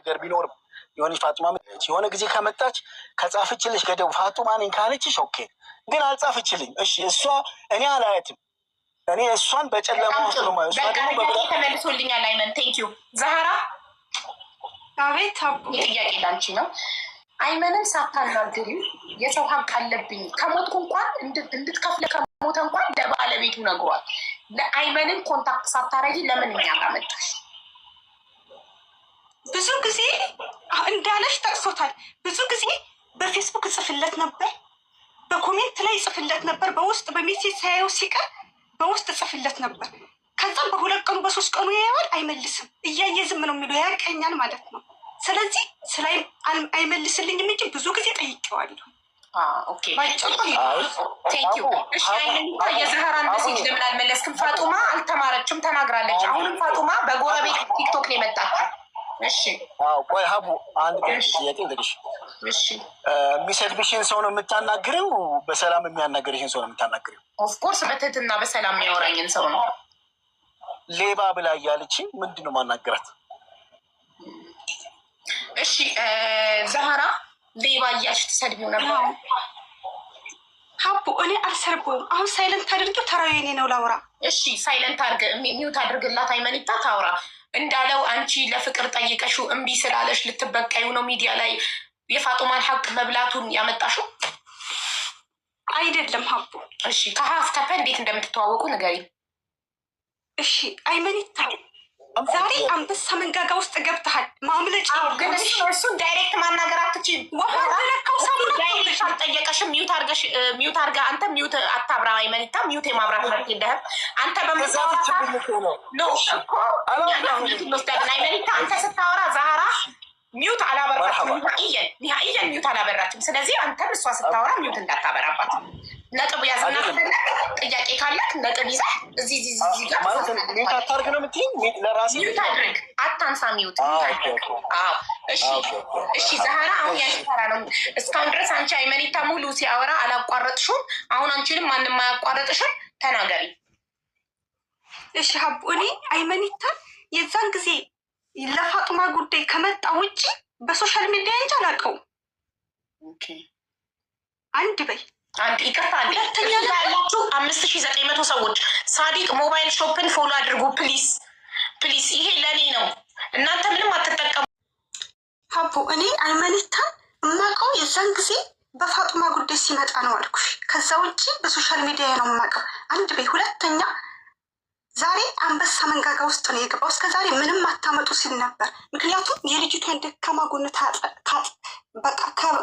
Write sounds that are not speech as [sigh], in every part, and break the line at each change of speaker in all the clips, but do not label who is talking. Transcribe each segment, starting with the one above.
ነገር ቢኖርም የሆነ ፋጡማ የሆነ ጊዜ ከመጣች ከጻፍችልሽ ከደቡብ ፋጡማ ነኝ ካለችሽ ኦኬ። ግን አልጻፍችልኝ። እሺ እሷ እኔ አላያትም። እኔ እሷን በጨለማ ውስጥ ነው ማየው።
ተመልሶልኛል። አይመን ቴንኪዩ ዛህራ። አቤት ጥያቄ ላንቺ ነው። አይመንም ሳታናግሪ የሰው ሀቅ አለብኝ ከሞትኩ እንኳን እንድትከፍለ ከሞተ እንኳን ለባለቤቱ ነግሯል። ለአይመንም ኮንታክት ሳታረጊ ለምን እኛ ጋር ብዙ ጊዜ እንዳለሽ ጠቅሶታል። ብዙ ጊዜ በፌስቡክ እጽፍለት ነበር፣ በኮሜንት ላይ እጽፍለት ነበር፣ በውስጥ በሜሴጅ ሳየው ሲቀር በውስጥ እጽፍለት ነበር። ከዛም በሁለት ቀኑ በሶስት ቀኑ ያየዋል፣ አይመልስም። እያየ ዝም ነው የሚለው፣ ያቀኛል ማለት ነው። ስለዚህ ስለ አይመልስልኝም እንጂ ብዙ ጊዜ ጠይቄዋለሁ። የዝህራን መሴጅ ለምን አልመለስክም? ፋጡማ አልተማረችም፣ ተናግራለች። አሁንም ፋጡማ በጎረቤት ቲክቶክ ነው የመጣችው
ቆይ ሀቡ አንድ ጥያቄ ልጠይቅሽ። የሚሰድብሽን ሰው ነው የምታናግሪው? በሰላም የሚያናገርሽን ሰው ነው የምታናግሪው?
ኦፍኮርስ በትህትና በሰላም የሚያወራኝን ሰው ነው።
ሌባ ብላ እያለች ምንድን ነው ማናገራት?
እሺ ዛህራ ሌባ እያልሽ ትሰድቢው ነበር
ሀቡ? እኔ አልሰርብም። አሁን ሳይለንት አድርጊው፣ ተራዊ የኔ ነው ላውራ።
እሺ ሳይለንት አድርግ፣ ሚውት አድርግላት። አይመኒታ ታውራ እንዳለው አንቺ ለፍቅር ጠይቀሽው እምቢ ስላለሽ ልትበቀዩ ነው ሚዲያ ላይ የፋጡማን ሀቅ መብላቱን ያመጣሽው
አይደለም ሀቡ።
እሺ ከሀ እስከ እንዴት እንደምትተዋወቁ ንገሪኝ።
እሺ ይታል ዛሬ አንበሳ መንጋጋ ውስጥ ገብተሃል። ማምለጫ
ግን እሱን ዳይሬክት ማናገር አትችይም። ዋለካው ዳይሬክት አልጠየቀሽም። ሚዩት አርገሽ ሚዩት አርጋ አንተ ሚዩት አታብራ። ይመኒታ ሚዩት የማብራት መብት የለህም አንተ በምዛሳኖእኮእንወስዳለን አይመኒታ አንተ ስታወራ ዛህራ ሚዩት አላበራችም። ኒሀእየን ሚዩት አላበራችም። ስለዚህ አንተም እሷ ስታወራ ሚዩት እንዳታበራባት ነጥብ ያዝና ጥያቄ ካለክ ነጥብ ይዘህ እዚህ ዚ
ጋር አታርግ ነው የምትይኝ። ለራሴ
ሚት አድርግ አታንሳ ሚውት እሺ፣ እሺ። ዛህራ አሁን ያንቺ ነው። እስካሁን ድረስ አንቺ አይመኒታ ሙሉ ሲያወራ አላቋረጥሽም። አሁን አንቺንም ማንም አያቋረጥሽም። ተናገሪ
እሺ። ሀቡ እኔ አይመኒታ የዛን ጊዜ ለፋጡማ ጉዳይ ከመጣ ውጭ በሶሻል ሚዲያ እንጂ አላውቀውም። አንድ በይ
አንድ ይቅርታ፣ ሁለተኛ ያላችሁ አምስት ሺ ዘጠኝ መቶ ሰዎች ሳዲቅ ሞባይል ሾፕን ፎሎ አድርጉ ፕሊስ ፕሊስ። ይሄ ለእኔ ነው፣ እናንተ ምንም አትጠቀሙ።
ሀቦ እኔ አይመኒታ እማቀው የዛን ጊዜ በፋጡማ ጉዳይ ሲመጣ ነው አልኩሽ። ከዛ ውጭ በሶሻል ሚዲያ ነው የማቀው። አንድ ቤት ሁለተኛ ዛሬ አንበሳ መንጋጋ ውስጥ ነው የገባው። እስከ ዛሬ ምንም አታመጡ ሲል ነበር። ምክንያቱም የልጅቷን ደካማ ጎን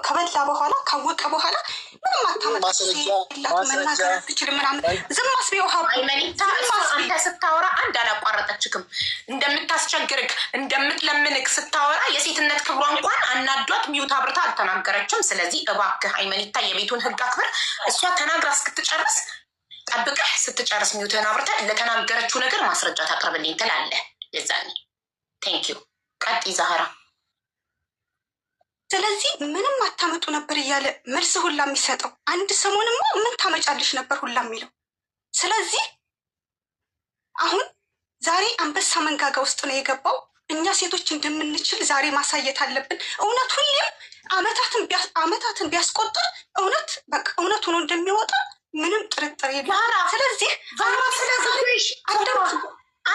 ከበላ በኋላ ካወቀ በኋላ ምንም አታመጡ መናገር ትችል ምናምን ዝም አስቤ ውሃ
ስታወራ አንድ አላቋረጠችክም። እንደምታስቸግርግ እንደምትለምንግ ስታወራ የሴትነት ክብሯ እንኳን አናዷት ሚዩት አብርታ አልተናገረችም። ስለዚህ እባክህ አይመኒታ የቤቱን ህግ አክብር። እሷ ተናግራ እስክትጨርስ ጠብቀህ ስትጨርስ ሚውትህን አብርተህ ለተናገረችው ነገር ማስረጃ ታቅርብልኝ ትላለህ። የዛኔ ቴንክ ዩ ቀጥ ይዛህራ
ስለዚህ ምንም አታመጡ ነበር እያለ መልስ ሁላ የሚሰጠው አንድ ሰሞንማ ምን ታመጫለሽ ነበር ሁላ የሚለው። ስለዚህ አሁን ዛሬ አንበሳ መንጋጋ ውስጥ ነው የገባው። እኛ ሴቶች እንደምንችል ዛሬ ማሳየት አለብን። እውነት ሁሌም አመታትን ቢያስቆጥር እውነት በቃ እውነት ሆኖ እንደሚወጣ ምንም ጥርጥር የለም። ስለዚህ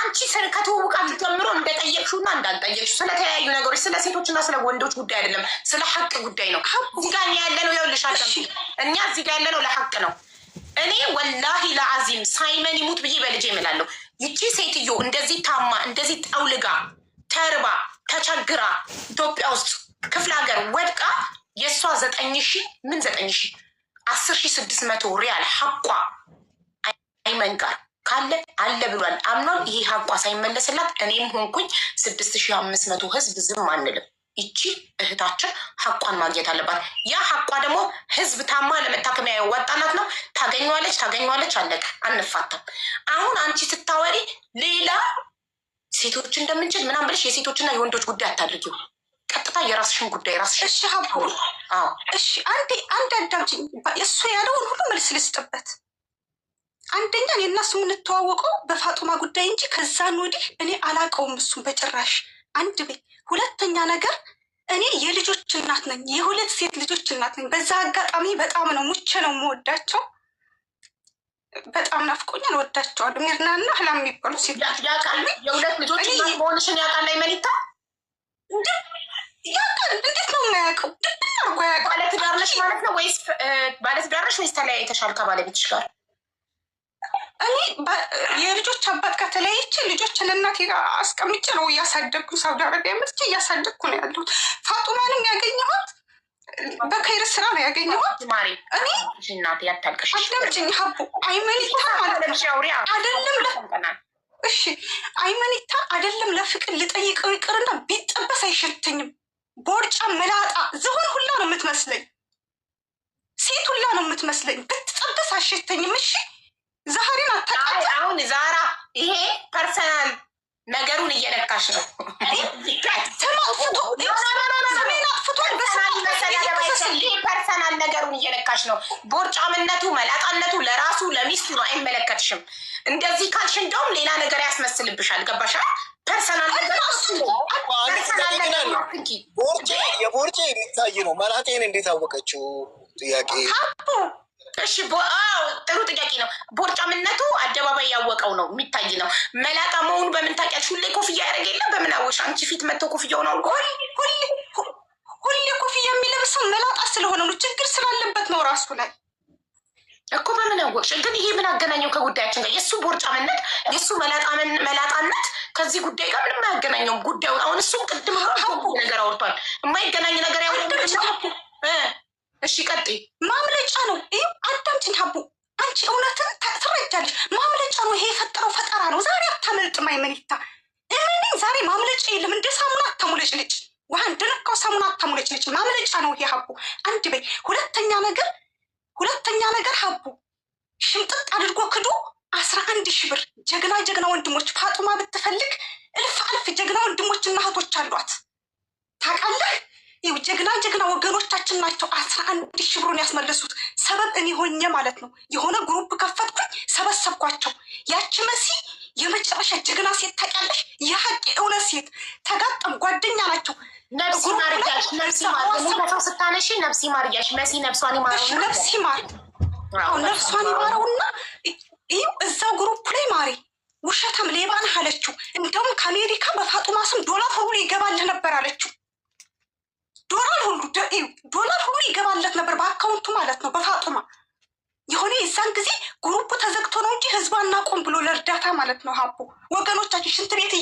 አንቺ ከተውውቃ ጀምሮ እንደጠየቅሽውና እንዳልጠየቅሽው ስለተለያዩ ነገሮች ስለ ሴቶችና ስለ ወንዶች ጉዳይ አይደለም፣ ስለ ሀቅ ጉዳይ ነው። እዚጋ እኛ ያለ ነው ይኸውልሽ፣ እኛ እዚጋ ያለ ነው ለሀቅ ነው። እኔ ወላሂ ለአዚም ሳይመን ይሙት ብዬ በልጄ እምላለሁ። ይቺ ሴትዮ እንደዚህ ታማ እንደዚህ ጠውልጋ ተርባ ተቸግራ ኢትዮጵያ ውስጥ ክፍለ ሀገር ወድቃ የእሷ ዘጠኝ ሺ ምን ዘጠኝ ሺህ አስር ሺ ስድስት መቶ ሪያል ሀቋ አይመን ጋር ካለ አለ ብሏል አምኗል። ይሄ ሀቋ ሳይመለስላት እኔም ሆንኩኝ ስድስት ሺ አምስት መቶ ህዝብ ዝም አንልም። ይቺ እህታችን ሀቋን ማግኘት አለባት። ያ ሀቋ ደግሞ ህዝብ ታማ ለመታከሚያ ያዋጣላት ነው። ታገኘዋለች፣ ታገኘዋለች። አለቀ። አንፋታም። አሁን አንቺ ስታወሪ ሌላ ሴቶች እንደምንችል ምናምን ብለሽ የሴቶችና የወንዶች ጉዳይ አታድርጊው። ቀጥታ የራስሽን ጉዳይ ራስሽ እሺ
ሀቡ እሺ አንዴ አንድ አዳምጪኝ እሱ ያለውን ሁሉ መልስ ልስጥበት አንደኛ እኔ እና እሱ የምንተዋወቀው በፋጡማ ጉዳይ እንጂ ከዛን ወዲህ እኔ አላውቀውም እሱን በጭራሽ አንድ ቤ ሁለተኛ ነገር እኔ የልጆች እናት ነኝ የሁለት ሴት ልጆች እናት ነኝ በዛ አጋጣሚ በጣም ነው ሙቼ ነው የምወዳቸው በጣም ናፍቆኛል ወዳቸዋለሁ ሚርና እና ህላም የሚባሉ ሴት
ያውቃል የሁለት ልጆች እናት መሆንሽን ያውቃል አይመኒታ ባለትዳርሽ ወይስ ተለያይተሻል ከባለቤትሽ ጋር?
እኔ የልጆች አባት ጋር ተለያይቼ ልጆችን እናቴ ጋር አስቀምጬ ነው እያሳደግኩ ሳውዲ አረቢያ መጥቼ እያሳደግኩ ነው ያሉት። ፋጡማንም ያገኘኋት በከይር ስራ ነው ያገኘኋት። እኔ
አዳምጪኝ
ሀቡ አይመኒታ አይደለም እሺ፣ አይመኒታ አይደለም ለፍቅር ልጠይቀው ይቅርና ቢጠበስ አይሸተኝም። ቦርጫ መላጣ ዝሆን ሁላ ነው የምትመስለኝ ሴቱላ ነው የምትመስለኝ። ብትጠበስ አሸተኝም። እሺ ዛሬን አታውቃት።
አሁን ዛራ ይሄ ፐርሰናል ነገሩን እየነካሽ ነው። ፐርሰናል ነገሩን እየነካሽ ነው። ቦርጫምነቱ መላጣነቱ ለራሱ ለሚስቱ ነው፣ አይመለከትሽም። እንደዚህ ካልሽ እንደውም ሌላ ነገር ያስመስልብሻል። ገባሻል?
ጥያቄ ነው። መላጤን እንዴት አወቀችው? ጥያቄ
እሺ፣ ጥሩ ጥያቄ ነው። ቦርጫምነቱ አደባባይ ያወቀው ነው የሚታይ ነው። መላጣ መሆኑ በምን ታውቂያለሽ? ሁሌ ኮፍያ ያደረግ የለ በምን አወቅሽ? አንቺ ፊት መጥቶ ኮፍያው ነው ሁሌ ኮፍያ የሚለብሰው መላጣ ስለሆነ ነው። ችግር ስላለበት ነው ራሱ ላይ እኮ በምን አወቅሽ? ግን ይሄ ምን አገናኘው ከጉዳያችን ጋር? የእሱ ቦርጫምነት የእሱ መላጣነት ከዚህ ጉዳይ ጋር ምንም አያገናኘውም። ጉዳዩ አሁን እሱ ቅድም ነገር አውርቷል። የማይገናኝ ነገር ያወድምች። እሺ ቀጥ
ማምለጫ ነው። ይህ አዳምጪኝ ሀቡ፣ አንቺ እውነትን ትረጃለሽ። ማምለጫ ነው ይሄ የፈጠረው ፈጠራ ነው። ዛሬ አታመልጥም አይመኒታ። እኔ ዛሬ ማምለጫ የለም። እንደ ሳሙና አታሙለጭ ልጭ፣ ውሃ እንድንካው ሳሙና አታሙለጭ ልጭ። ማምለጫ ነው ይሄ ሀቡ፣ አንድ በይ። ሁለተኛ ነገር ሁለተኛ ነገር ሀቡ ሽምጥጥ አድርጎ ክዱ! አስራ አንድ ሺ ብር ጀግና ጀግና ወንድሞች ፋጡማ ብትፈልግ እልፍ አልፍ ጀግና ወንድሞችና እህቶች አሏት። ታውቃለህ? ይው ጀግና ጀግና ወገኖቻችን ናቸው አስራ አንድ ሺ ብሩን ያስመለሱት። ሰበብ እኔ ሆኜ ማለት ነው። የሆነ ግሩፕ ከፈትኩኝ፣ ሰበሰብኳቸው። ያቺ መሲ የመጨረሻ ጀግና ሴት ታውቂያለሽ? የሀቂ እውነት ሴት ተጋጠም ጓደኛ ናቸው።
ነብሲ ማርያሽ ነብሲ ማርያሽ ለፈቶ ስታነሺ ነብሲ ማርያሽ መሲ ነብሷን ይማረው
ነብሲ ማር አው ነብሷን ይማረውና ይኸው እዛው ግሩፕ ላይ ማሪ ውሸታም ሌባ ነህ አለችው። እንደውም ከአሜሪካ በፋጡማ ስም ዶላር ሁሉ ይገባልህ ነበር አለችው። ዶላር ሁሉ ዶላር ሁሉ ይገባለት ነበር በአካውንቱ ማለት ነው በፋጡማ ቆም ብሎ ለእርዳታ ማለት ነው። ሀቦ ወገኖቻችን ሽንት ቤት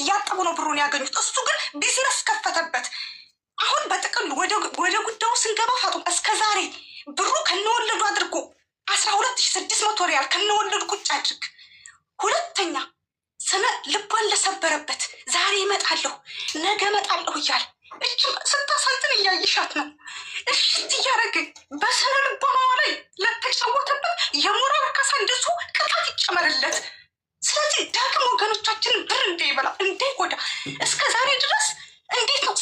እያጠቡ ነው ብሩን ያገኙት። እሱ ግን ቢዝነስ ከፈተበት። አሁን በጥቅሉ ወደ ጉዳዩ ስንገባ ፋጡ እስከ ዛሬ ብሩ ከነወለዱ አድርጎ አስራ ሁለት ሺ ስድስት መቶ ሪያል ከነወለዱ ቁጭ አድርግ። ሁለተኛ ስነ ልቧን ለሰበረበት ዛሬ እመጣለሁ ነገ እመጣለሁ እያል እጅ ስታሳዝን እያየሻት ነው። እሽት እያደረገ በስነ ልቦና ላይ ለተጫወተበት የሞራል ካሳ እንደሱ ቅጣት ይጨመርለት። ስለዚህ ዳግም ወገኖቻችንን ብር እንዳይበላ እንዳይጎዳ እስከ ዛሬ ድረስ እንዴት ነው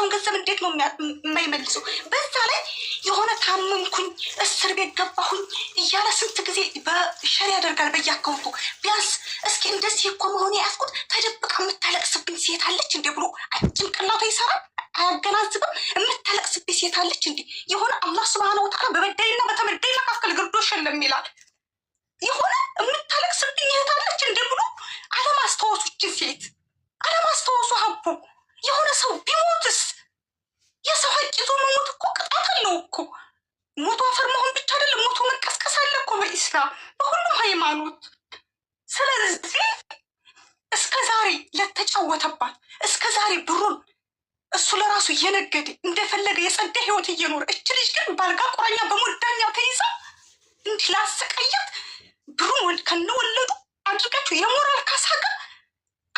የሰውን ገንዘብ እንዴት ነው የማይመልሱ? በዛ ላይ የሆነ ታመምኩኝ፣ እስር ቤት ገባሁኝ እያለ ስንት ጊዜ በሸር ያደርጋል በየአካውንቱ። ቢያንስ እስኪ እንደዚህ እኮ መሆን ያስኩት ተደብቃ የምታለቅስብኝ ሴት አለች እንዴ ብሎ ጭንቅላቱ ይሰራል። አያገናዝብም። የምታለቅስብኝ ሴት አለች እንዴ የሆነ አላህ ስብሃነ ወተዓላ በበዳይና በተበዳይ መካከል ግርዶሽ የለም ይላል። የሆነ የምታለቅስብኝ እህት አለች እንዴ ብሎ አለማስታወሱችን ሴት አለማስታወሱ ሀቦ የሆነ ሰው ቢሞትስ የሰው ሀቅ ይዞ መሞት እኮ ቅጣት አለው እኮ። ሞቶ አፈር መሆን ብቻ አይደለም፣ ሞቶ መቀስቀስ አለ እኮ በኢስላም በሁሉም ሃይማኖት። ስለዚህ እስከ ዛሬ ለተጫወተባት እስከ ዛሬ ብሩን እሱ ለራሱ እየነገደ እንደፈለገ የጸዳ ህይወት እየኖረ እች ልጅ ግን ባልጋ ቁራኛ በሞዳኛ ተይዛ እንዲህ ላሰቃያት ብሩን ከነወለዱ አድርጋችሁ የሞራል ካሳ ጋር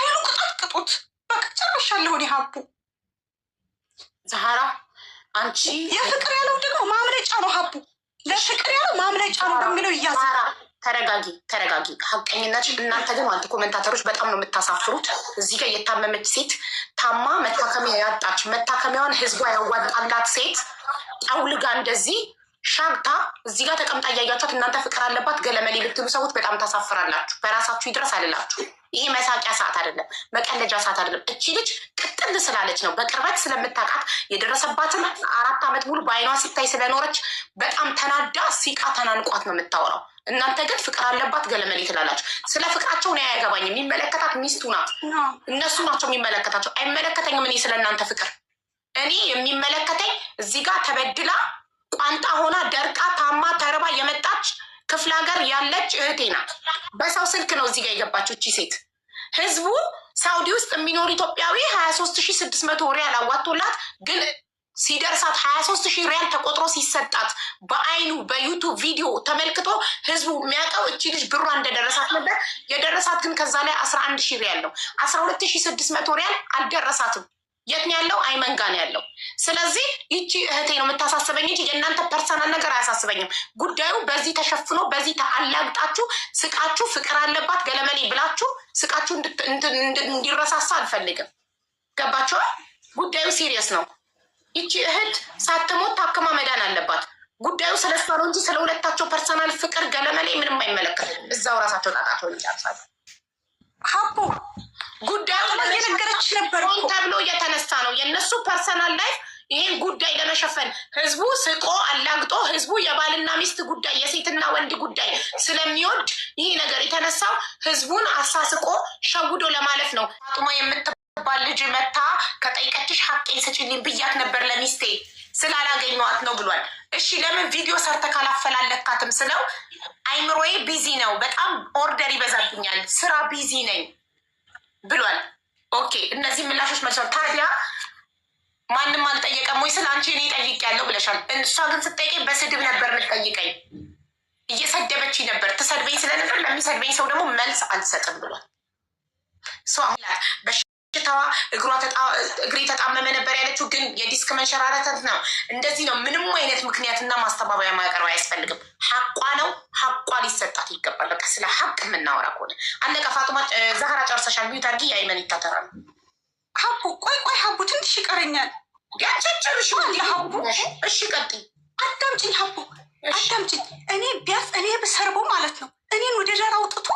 አይኑ ቅጣት ቅጡት። በቃ ጨርሻለሁ። ሀቡ
ዛሃራ አንቺ
የፍቅር ያለው ደግሞ ማምለጫ ነው። ሀቡ ለፍቅር ያለው ማምለጫ ነው በሚለው እያዘ
ተረጋጊ፣ ተረጋጊ ሀቀኝነት። እናንተ ግን አንተ ኮመንታተሮች በጣም ነው የምታሳፍሩት። እዚህ ጋር የታመመች ሴት ታማ መታከሚያ ያጣች መታከሚያዋን ህዝቧ ያዋጣላት ሴት ጠውልጋ እንደዚህ ሻግታ እዚህ ጋር ተቀምጣ እያያቸት እናንተ ፍቅር አለባት ገለመሌ ብትሉ ሰዎች በጣም ታሳፍራላችሁ። በራሳችሁ ይድረስ አልላችሁ ይሄ መሳቂያ ሰዓት አይደለም፣ መቀለጃ ሰዓት አይደለም። እቺ ልጅ ቅጥል ስላለች ነው በቅርበት ስለምታውቃት የደረሰባትን አራት ዓመት ሙሉ በአይኗ ስታይ ስለኖረች በጣም ተናዳ ሲቃ ተናንቋት ነው የምታወራው። እናንተ ግን ፍቅር አለባት ገለመሌ ትላላችሁ። ስለ ፍቅራቸው ነው አያገባኝ። የሚመለከታት ሚስቱ ናት፣ እነሱ ናቸው የሚመለከታቸው። አይመለከተኝም እኔ ስለ እናንተ ፍቅር። እኔ የሚመለከተኝ እዚህ ጋር ተበድላ ቋንጣ ሆና ደርቃ ታማ ተርባ የመጣች ክፍለ ሀገር ያለች እህቴ ናት። በሰው ስልክ ነው እዚህ ጋር የገባችው እቺ ሴት። ህዝቡ ሳውዲ ውስጥ የሚኖር ኢትዮጵያዊ ሀያ ሶስት ሺ ስድስት መቶ ሪያል አዋቶላት ግን ሲደርሳት ሀያ ሶስት ሺ ሪያል ተቆጥሮ ሲሰጣት በአይኑ በዩቱብ ቪዲዮ ተመልክቶ ህዝቡ የሚያውቀው እቺ ልጅ ብሯ እንደደረሳት ነበር። የደረሳት ግን ከዛ ላይ አስራ አንድ ሺ ሪያል ነው። አስራ ሁለት ሺ ስድስት መቶ ሪያል አልደረሳትም። የት ነው ያለው? አይመን ጋ ነው ያለው። ስለዚህ ይቺ እህቴ ነው የምታሳስበኝ እንጂ የእናንተ ፐርሰናል ነገር አያሳስበኝም። ጉዳዩ በዚህ ተሸፍኖ በዚህ ተአላግጣችሁ ስቃችሁ ፍቅር አለባት ገለመኔ ብላችሁ ስቃችሁ እንዲረሳሳ አልፈልግም። ገባችኋ? ጉዳዩ ሲሪየስ ነው። ይቺ እህት ሳትሞት ታክማ መዳን አለባት። ጉዳዩ ስለ እሷ ነው እንጂ ስለ ሁለታቸው ፐርሰናል ፍቅር ገለመኔ ምንም አይመለከትም። እዛው ራሳቸው ጣጣቸው ይጨርሳሉ። ጉዳዩ
እየነገረች ነበር። ሆን
ተብሎ እየተነሳ ነው የእነሱ ፐርሰናል ላይፍ። ይህን ጉዳይ ለመሸፈን ህዝቡ ስቆ አላግጦ ህዝቡ የባልና ሚስት ጉዳይ የሴትና ወንድ ጉዳይ ስለሚወድ ይህ ነገር የተነሳው ህዝቡን አሳስቆ ሸውዶ ለማለፍ ነው። ፋጡማ የምትባል ልጅ መታ ከጠይቀችሽ ሀቄን ስጪልኝ ብያት ነበር ለሚስቴ ስላላገኘዋት ነው ብሏል። እሺ ለምን ቪዲዮ ሰርተ ካላፈላለካትም ስለው አይምሮዬ ቢዚ ነው፣ በጣም ኦርደር ይበዛብኛል፣ ስራ ቢዚ ነኝ ብሏል። ኦኬ እነዚህ ምላሾች መልሷል። ታዲያ ማንም አልጠየቀም ወይ ስለ አንቺ? እኔ ያለው ብለሻል። እሷ ግን ስጠይቀኝ በስድብ ነበር የምትጠይቀኝ። እየሰደበች ነበር፣ ትሰድበኝ ስለነበር ለሚሰድበኝ ሰው ደግሞ መልስ አልሰጥም ብሏል። ሰው አሁን በሽ በሽታዋ እግሬ ተጣመመ ነበር ያለችው፣ ግን የዲስክ መንሸራረተት ነው። እንደዚህ ነው። ምንም አይነት ምክንያትና ማስተባበያ ማቅረብ አያስፈልግም። ሀቋ ነው። ሀቋ ሊሰጣት ይገባል። በቃ ስለ ሀቅ የምናወራ ከሆነ አለቀ። ፋጡማ ዛህራ ጨርሰሻል። ሚዩት አድርጊ። የአይመን ይታተራሉ።
ሀቡ ቆይ ቆይ፣ ሀቡ ትንሽ ይቀረኛል።
ያጨጨርሽ ሀቡ። እሺ ቀጥይ።
አዳምጭኝ ሀቡ፣ አዳምጭኝ። እኔ ቢያንስ እኔ ብሰርቦ ማለት ነው እኔን ወደ ዳር አውጥቶ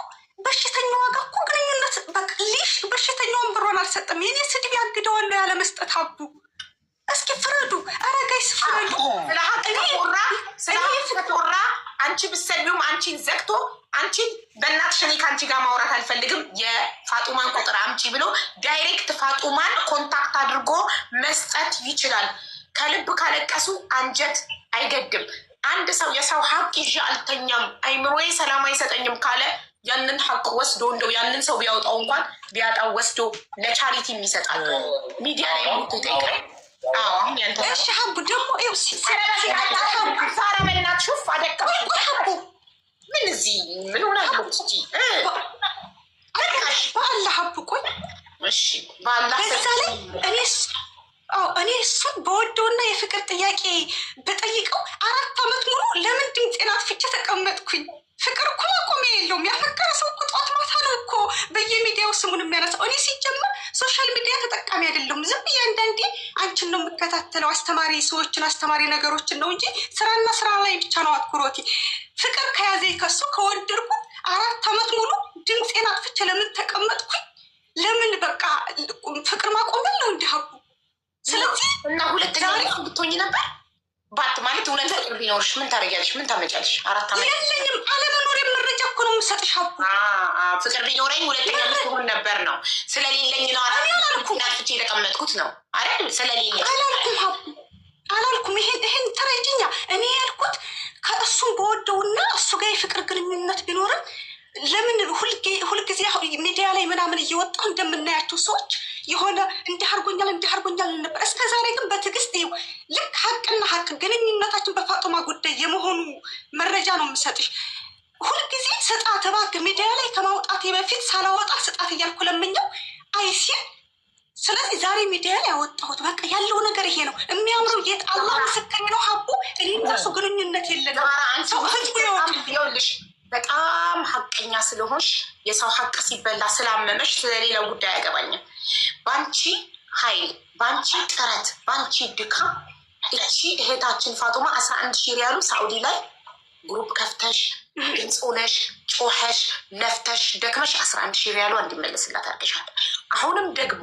አምጪ ብሎ ዳይሬክት ፋጡማን ኮንታክት አድርጎ መስጠት ይችላል። ከልብ ካለቀሱ አንጀት አይገድም። አንድ ሰው የሰው ሀቅ ይዤ አልተኛም፣ አይምሮዬ ሰላም አይሰጠኝም ካለ ያንን ሀቅ ወስዶ እንደው ያንን ሰው ቢያወጣው እንኳን ቢያጣው ወስዶ ለቻሪቲ የሚሰጣል። ሚዲያ ላይ ይጠይቃል።
እሺ ሀቡ ደግሞ
ሳራ መናት ሹፍ አደቀ ሀቡ ምን እዚህ ምን ሆናለሁ
በአላህ አብቆኝ በዛ ላይ እኔ እሱን በወደውና የፍቅር ጥያቄ በጠይቀው አራት አመት ሙሉ ለምንድን ጤናት ፍቼ ተቀመጥኩኝ? ፍቅር እኮ ማቆሚያ የለውም። ያፈቀረ ሰው እኮ ማታ ነው እኮ በየሚዲያው ስሙን የሚያነሳው። እኔ ሲጀመር ሶሻል ሚዲያ ተጠቃሚ አይደለሁም። ዝም ብዬ አንዳንዴ አንቺን ነው የምከታተለው፣ አስተማሪ ሰዎችን አስተማሪ ነገሮችን ነው እንጂ ስራና ስራ ላይ ብቻ ነው አትኩሮቴ። ፍቅር ከያዘ ከሱ ከወደድኩት አራት አመት ሙሉ ድምፄን አጥፍቼ ለምን ተቀመጥኩኝ? ለምን በቃ ፍቅር ማቆምን ነው እንዲህ ስለዚህ
እና ሁለተኛ ብትሆኝ ነበር ባት ማለት እውነት ፍቅር ቢኖርሽ ምን ታደርጊያለሽ? ምን ታመጫለሽ? አራት ዓመት
የለኝም አለመኖር መረጃ እኮ ነው የምሰጥሽ አቡ።
ፍቅር ቢኖረኝ ሁለተኛ ምትሆን ነበር ነው ስለሌለኝ ነው አልኩናልፍቼ የተቀመጥኩት ነው አይደል? ስለሌለኝ
አላልኩም አቡ አላልኩም። ይሄን ይሄን ተረጅኛ እኔ ያልኩት ከእሱም በወደውና እሱ ጋር የፍቅር ግንኙነት ቢኖርም ለምን ሁልጊዜ ሚዲያ ላይ ምናምን እየወጣ እንደምናያቸው ሰዎች የሆነ እንዲህ አድርጎኛል እንዲህ አርጎኛል ነበር። እስከ ዛሬ ግን በትዕግስት ይኸው ልክ ሀቅና ሀቅ ግንኙነታችን በፋጡማ ጉዳይ የመሆኑ መረጃ ነው የምሰጥሽ። ሁልጊዜ ስጣት እባክህ፣ ሚዲያ ላይ ከማውጣቴ በፊት ሳላወጣ ስጣት እያልኩ ለምኛው አይሲን ስለዚህ ዛሬ ሚዲያ ላይ ያወጣሁት በቃ ያለው ነገር ይሄ ነው። የሚያምረው የት አላህ ምስክሬ ነው። ሀቡ እኔ እራሱ ግንኙነት የለንም
ሰው ህዝቡ በጣም ሀቀኛ ስለሆንሽ የሰው ሀቅ ሲበላ ስላመመሽ ስለሌላው ጉዳይ አያገባኝም። በአንቺ ኃይል፣ በአንቺ ጥረት፣ በአንቺ ድካ እቺ እህታችን ፋጡማ አስራ አንድ ሺህ ሪያሉ ሳኡዲ ላይ ግሩፕ ከፍተሽ ድምፅ ሆነሽ ጮኸሽ ለፍተሽ ደክመሽ አስራ አንድ ሺህ ሪያሉ እንዲመለስላት አድርገሻል። አሁንም ደግሞ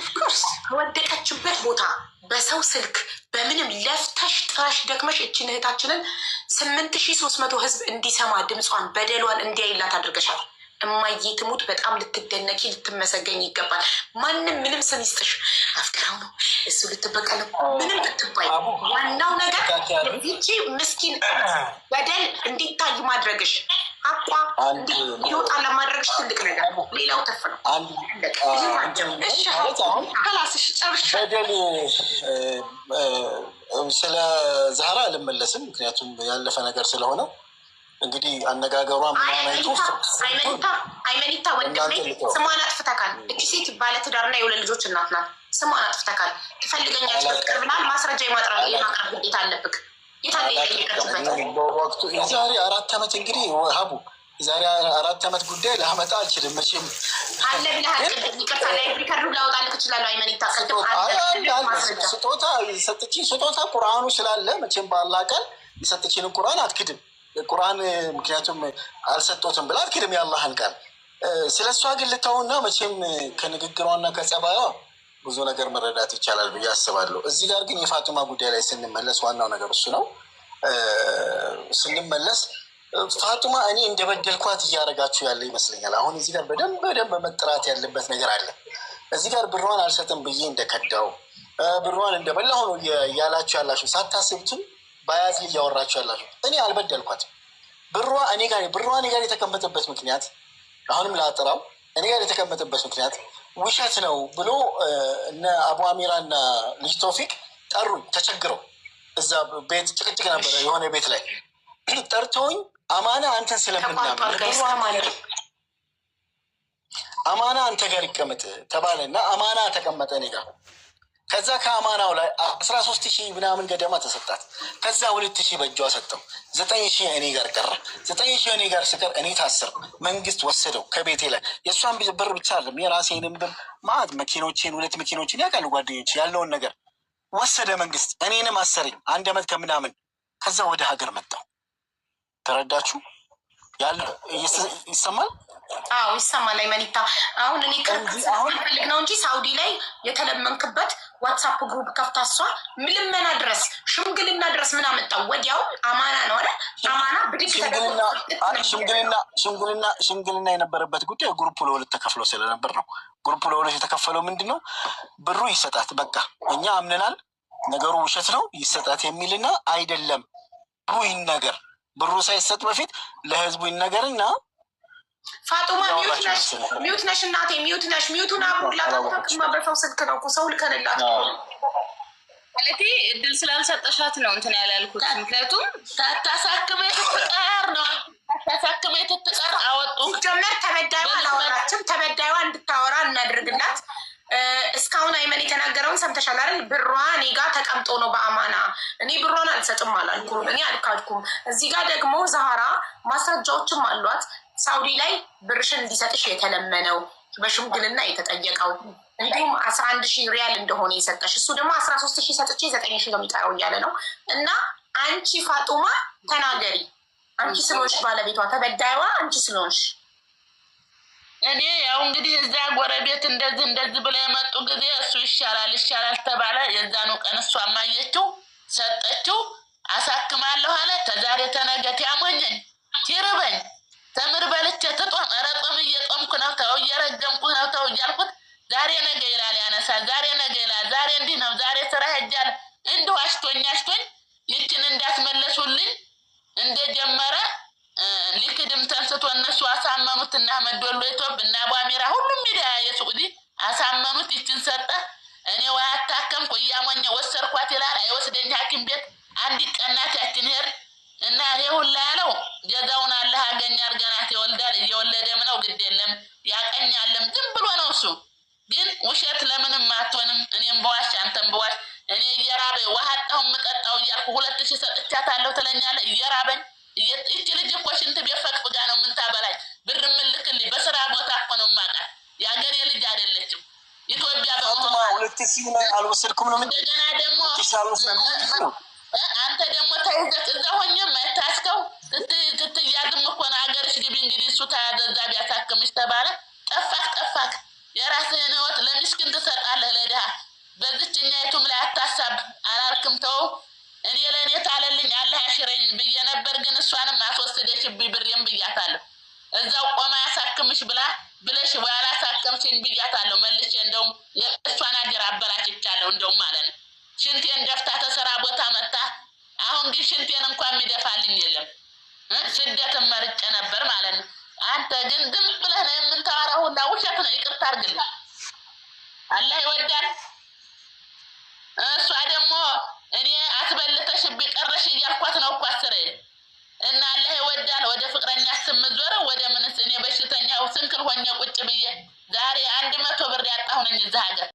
ኦፍኮርስ ከወደቀችበት ቦታ በሰው ስልክ በምንም ለፍተሽ ጥረሽ ደክመሽ እችን እህታችንን ስምንት ሺ ሶስት መቶ ህዝብ እንዲሰማ ድምጿን በደሏን እንዲያይላት አድርገሻል። እማዬ ትሙት በጣም ልትደነቂ ልትመሰገኝ ይገባል። ማንም ምንም ስም ይስጥሽ አፍቅራው ነው እሱ ልትበቀል ምንም ብትባይ፣ ዋናው ነገር ይቺ ምስኪን በደል እንዲታይ ማድረግሽ አቋም ለማድረግሽ ትልቅ ነገር ነው። ሌላው ተፍ ነው።
ስለ ዛህራ አልመለስም፣ ምክንያቱም ያለፈ ነገር ስለሆነ እንግዲህ አነጋገሯ
አይመኒታ ወንድሜ ስሟን አጥፍተካል። እቺ ሴት ባለትዳርና የሁለት ልጆች እናት ናት። ስሟን አጥፍተካል። ትፈልገኛለች፣ ቅርብናል። ማስረጃ የማቅረብ ግዴታ አለብክ
በወቅቱ የዛሬ አራት ዓመት እንግዲህ ሀቡ የዛሬ አራት ዓመት ጉዳይ ላመጣ አልችልም። መቼም ስጦታ የሰጠችኝ ስጦታ ቁርአኑ ስላለ መቼም ባላ ቀን የሰጠችኝን ቁርአን አትክድም። ቁርአን ምክንያቱም አልሰጦትም ብላ አትክድም ያላህን ቃል ስለ እሷ ግን ልተውና መቼም ከንግግሯና ከጸባዩ ብዙ ነገር መረዳት ይቻላል ብዬ አስባለሁ። እዚህ ጋር ግን የፋጡማ ጉዳይ ላይ ስንመለስ ዋናው ነገር እሱ ነው። ስንመለስ ፋጡማ እኔ እንደበደልኳት እያደረጋችሁ ያለ ይመስለኛል። አሁን እዚህ ጋር በደንብ በደንብ መጥራት ያለበት ነገር አለ። እዚህ ጋር ብሯን አልሰጥም ብዬ እንደከዳው ብሯን እንደበላ ሆኖ እያላችሁ ያላችሁ ሳታስቡትም በአያት እያወራችሁ ያላችሁ እኔ አልበደልኳትም። ብሯ እኔ ጋር ብሯ እኔ ጋር የተቀመጠበት ምክንያት አሁንም ላጥራው እኔ ጋር የተቀመጠበት ምክንያት ውሸት ነው ብሎ እነ አቡ አሚራ እና ልጅ ቶፊቅ ጠሩኝ። ተቸግረው እዛ ቤት ጭቅጭቅ ነበረ፣ የሆነ ቤት ላይ [clears throat] ጠርቶኝ አማና አንተን
ስለምናምን
አማና አንተ ጋር ይቀመጥ ተባለ እና አማና ተቀመጠ እኔ ጋር ከዛ ከአማናው ላይ አስራ ሶስት ሺህ ምናምን ገደማ ተሰጣት። ከዛ ሁለት ሺህ በእጇ ሰጠው። ዘጠኝ ሺህ እኔ ጋር ቀረ። ዘጠኝ ሺህ እኔ ጋር ስቀር እኔ ታስር መንግስት ወሰደው ከቤቴ ላይ የእሷን ብር ብቻ አለም የራሴንም ብር ማለት መኪኖችን፣ ሁለት መኪኖችን ያውቃሉ ጓደኞች ያለውን ነገር ወሰደ መንግስት። እኔንም አሰረኝ አንድ አመት ከምናምን። ከዛ ወደ ሀገር መጣው። ተረዳችሁ? ያለ ይሰማል
አዎ ይሰማል። አይመኒታ አሁን እኔ ቅርፈልግ ነው እንጂ ሳውዲ ላይ የተለመንክበት ዋትሳፕ ግሩፕ ከፍታ እሷ ልመና ድረስ ሽምግልና ድረስ ምን አመጣው? ወዲያው አማና ነው አለ አማና ብድግ
ሽምግልና ሽምግልና የነበረበት ጉዳይ ግሩፕ ለሁለት ተከፍሎ ስለነበር ነው። ግሩፕ ለሁለት የተከፈለው ምንድን ነው? ብሩ ይሰጣት በቃ እኛ አምነናል፣ ነገሩ ውሸት ነው ይሰጣት የሚልና አይደለም ቡይን ነገር ብሩ ሳይሰጥ በፊት ለህዝቡ ይነገርና
ፋጡማ ሚዩት ነሽ እናቴ፣ ሚዩት ነሽ። ሚዩቱን አብሩላት። አታውቅማ በሰው ስልክ ነው እኮ ሰው ልከንላት ማለቴ እድል ስላልሰጠሻት ነው እንትን ያላልኩት።
ምክንያቱም ታታሳክመ ትትቀር ነው ታታሳክመ ትትቀር አወጡ
ጀመር ተበዳይዋ አላወራችም። ተበዳይዋ እንድታወራ እናድርግላት። እስካሁን አይመን የተናገረውን ሰምተሻል አይደል? ብሯ እኔ ጋር ተቀምጦ ነው በአማና እኔ ብሯን አልሰጥም አላልኩም። እኔ አልካድኩም። እዚህ ጋር ደግሞ ዛህራ ማስረጃዎችም አሏት። ሳውዲ ላይ ብርሽን እንዲሰጥሽ የተለመነው በሽምግልና የተጠየቀው እንዲሁም አስራ አንድ ሺህ ሪያል እንደሆነ የሰጠሽ እሱ ደግሞ አስራ ሶስት ሺህ ሰጥቼ ዘጠኝ ሺህ ነው የሚቀረው እያለ ነው። እና አንቺ ፋጡማ ተናገሪ፣ አንቺ ስለሆንሽ ባለቤቷ ተበዳይዋ አንቺ ስለሆንሽ
እኔ ያው እንግዲህ እዛ ጎረቤት እንደዚህ እንደዚህ ብለ የመጡ ጊዜ እሱ ይሻላል ይሻላል ተባለ። የዛኑ ቀን እሷ አማየችው ሰጠችው። አሳክማለሁ አለ። ከዛሬ ተነገ ያሞኘኝ ቲርበኝ ተምር በልቼ ትጦም ረጦም እየጦምኩ ነው ተው እየረገምኩ ነው ተው እና መዶሎ ኢትዮፕ እና ቧሜራ ሁሉም ሚዲያ የሱቁዲ አሳመኑት። ይችን ሰጠ እኔ ወይ አታከም ቆያ ሞኘ ወሰርኳት ይላል። አይወስደኝ ሐኪም ቤት አንድ ቀናት ያችን ሄድ እና ይሄ ሁላ ያለው ገዛውን አለ አገኛል። ገናት ይወልዳል እየወለደም ነው። ግድ የለም ያቀኛለም ዝም ብሎ ነው እሱ ግን ውሸት ለምንም አትሆንም። እኔም በዋሽ አንተም በዋሽ እኔ እየራበ ውሃ አጣሁ የምጠጣው እያልኩ ሁለት ሺህ ሰጥቻታለሁ ትለኛለህ እየራበኝ ይች ኢትዮጵያ
ሁለት ሺህ አልወሰድኩም ነው። እንደገና
ደግሞ አንተ ደግሞ ተይዘህ እዛ ሆኜ የማይታስከው ክትያዝም እኮ ነው። ሀገርሽ ግቢ እንግዲህ እሱ ተያዘዛ ቢያሳክምሽ ተባለ። ጠፋክ ጠፋክ። የራስህን ህይወት ለሚስኪን ትሰጣለህ፣ ለድሃ በዚች እኛይቱም ላይ አታሳብ አላልክም። ተው እኔ ለእኔ ታለልኝ አለህ ያሽረኝ ብዬ ነበር፣ ግን እሷንም አስወስደሽብኝ ብሬም ብያታለሁ። እዛው ቆማ ያሳክምሽ ብላ ብለሽ ያላሳከምሽን ብያታለሁ። መልሼ እንደውም የእሷን ሀገር አበላሽቻለሁ። እንደውም ማለት ነው ሽንቴን ደፍታ ተሰራ ቦታ መታ። አሁን ግን ሽንቴን እንኳን የሚደፋልኝ የለም። ስደትን መርጬ ነበር ማለት ነው። አንተ ግን ዝም ብለህ ነው የምንታወራው፣ ሁላ ውሸት ነው። ይቅርታ አድርግልኝ። አላህ ይወዳል። እሷ ደግሞ እኔ አትበልተሽ ቢቀረሽ እያልኳት ነው እኮ አስሬ እና አላህ ይወዳል። ወደ ፍቅረኛ ስምዞረው ወደ ምንስ እኔ በሽተኛው ስንክል ሆኜ ቁጭ ብዬ ዛሬ አንድ መቶ ብር ያጣሁነኝ እዛ ሀገር